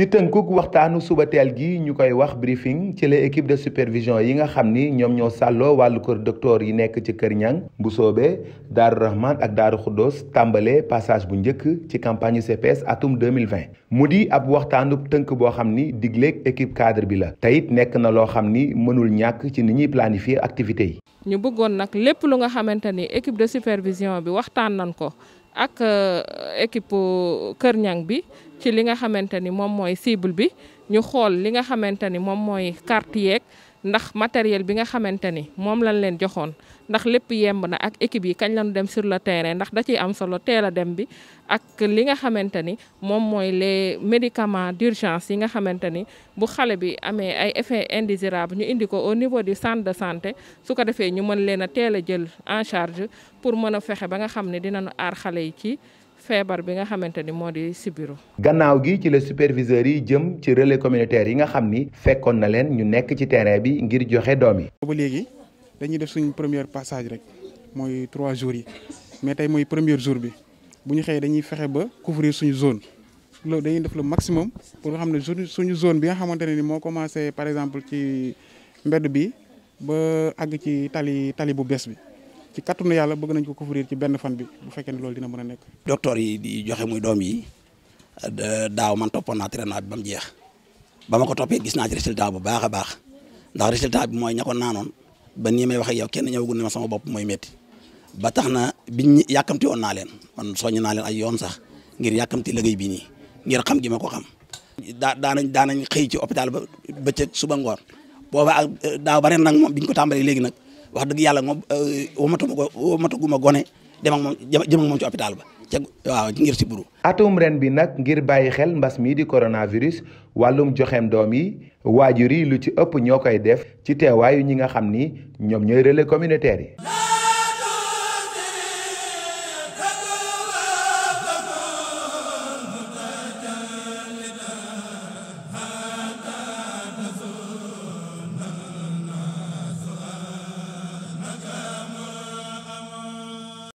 ci tënkuk waxtaanu suba teel gi ñu koy wax briefing ci la équipe de supervision yi nga xam ni ñoom ñoo sàlloo wàllu kër docteur yi nekk ci kër ñang bu soobee daaru rahman ak daaru xuddoos tàmbale passage bu njëkk ci campagne CPS atum 2020 mu di ab waxtaanu tënk boo xam ni digleeg équipe cadre bi la teyit nekk na loo xam ni mënul ñàkk ci ni ñuy planifier activités yi ñu bëggoon nag lépp lu nga xamante équipe de supervision bi waxtaan nañ ko ak euh, équipe Kër bi ci li nga xamante ni moom mooy cible bi ñu xool li nga xamante ni moom mooy carte yeeg ndax matériel bi nga xamante ni moom lañ leen joxoon ndax lépp yemb na ak équipe yi kañ lañu dem sur le terrain ndax da am solo teel a dem bi ak li nga xamante ni moom mooy les médicament d'urgence yi nga xamante ni bu xale bi amee ay effets indésirables ñu indi ko au niveau du centre de santé su ko defee ñu mën leen a teel a jël en charge pour mën a fexe ba nga xam ne dinañu aar xale yi ci feebar bi nga xamante ni moo di sibiru. gannaaw gi ci la superviseurs yi jëm ci relais communautaire yi nga xam ni fekkoon na leen ñu nekk ci terrain bi ngir joxe doom yi. ba léegi dañuy def suñ première passage rek mooy trois jours yi mais tey mooy premier jour bi bu ñu xëyee dañuy fexe ba couvrir suñu zone. loolu dañuy def le maximum pour nga xam ne suñu zone bi nga xamante ne ni moo commencé par exemple ci mbedd bi ba àgg ci tali tali bu bees bi. ci kattanu yàlla bëgg nañ ko couvrir ci benn fan bi bu fekke ne loolu dina mën a nekk. docteur yi joxe muy doom yi daaw man toppoon naa traitement bi ba mu jeex ba ma ko toppee gis naa ci résultat bu baax a baax ndax résultat bi mooy ña ko naanoon ba nii may wax ak yow kenn ñëwagul ne ma sama bopp mooy métti ba tax na biñ yàkkamti woon naa leen man soññ naa leen ay yoon sax ngir yàkkamti liggéey bi nii ngir xam gi ma ko xam. daa daanañ daanañ xëy ci hôpital ba bëccëg suba ngoon booba ak daaw ba ren moom biñ ko tàmbalee léegi nag. wax dëgg yàlla moom euh, wamatuma ko wamataguma gone dem ak moom ci hôpital ba ca waaw ngir si buru atum ren bi nag ngir bàyyi xel mbas mii di coronavirus wàllum joxeem doom yi waajur yi lu ci ëpp ñoo koy def ci teewaayu ñi nga xam ni ñoom ñooy relais communautaire yi